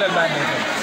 Teşekkürler ben de.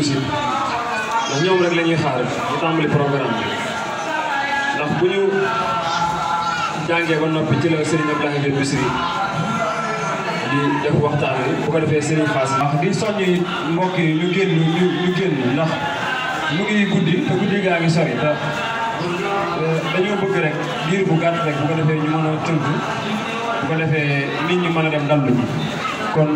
possible ndax ñoom rek la ñuy xaar ñu tàmbali programme ndax bu ñu jàngee ba noppi ci la Serigne Abdoulaye Diop Bichri di def waxtaan bi bu ko defee Serigne Fass. ndax di soññi mbokk yi ñu génn ñu ñu génn ndax mu ngi guddi te guddi gaa ngi sori ndax euh, bëgg rek diir bu gàtt rek bu defee ñu mën a tënk bu ko defee nit ñi mën a dem dallu ji. kon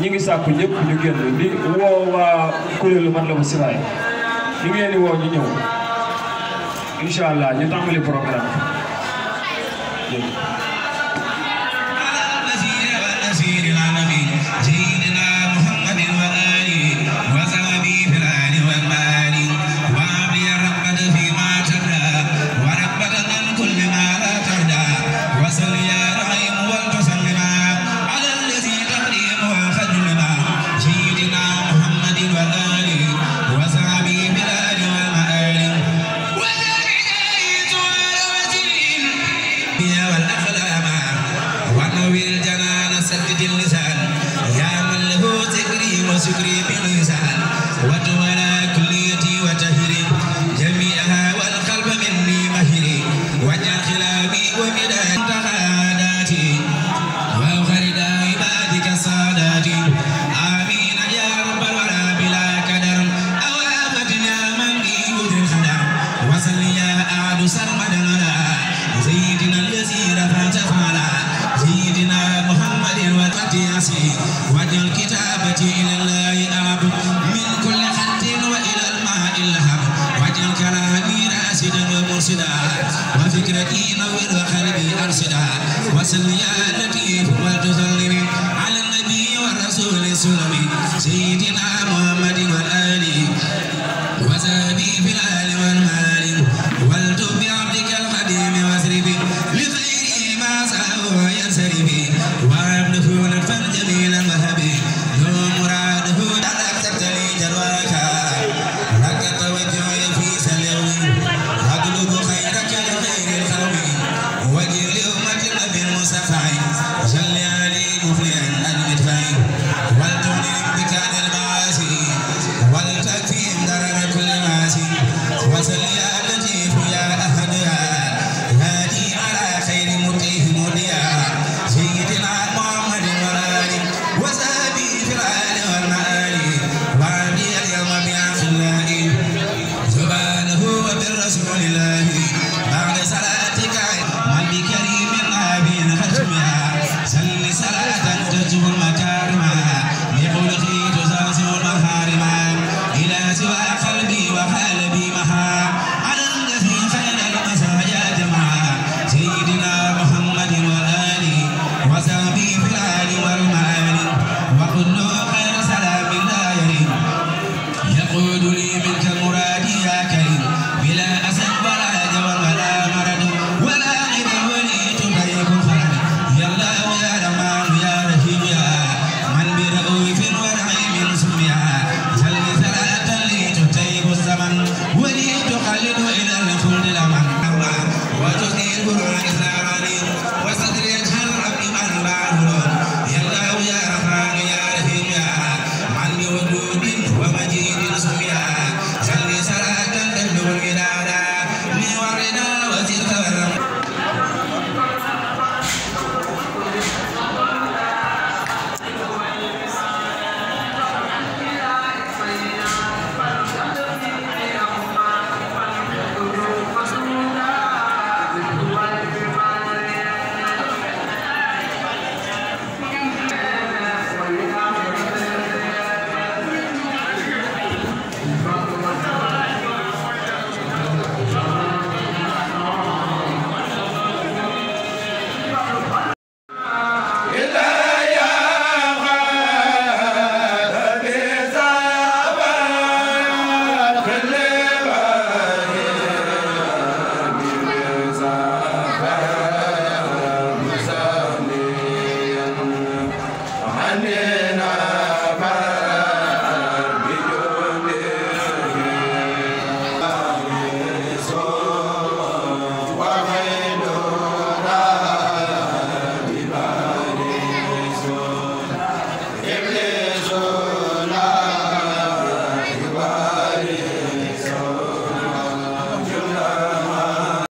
ñi ngi sàkku ñëpp ñu génn li woo waa kuréelu Matlabul Sifaaya ñu ngi leen di woo ñu ñëw incha allah ñu tàmbali programme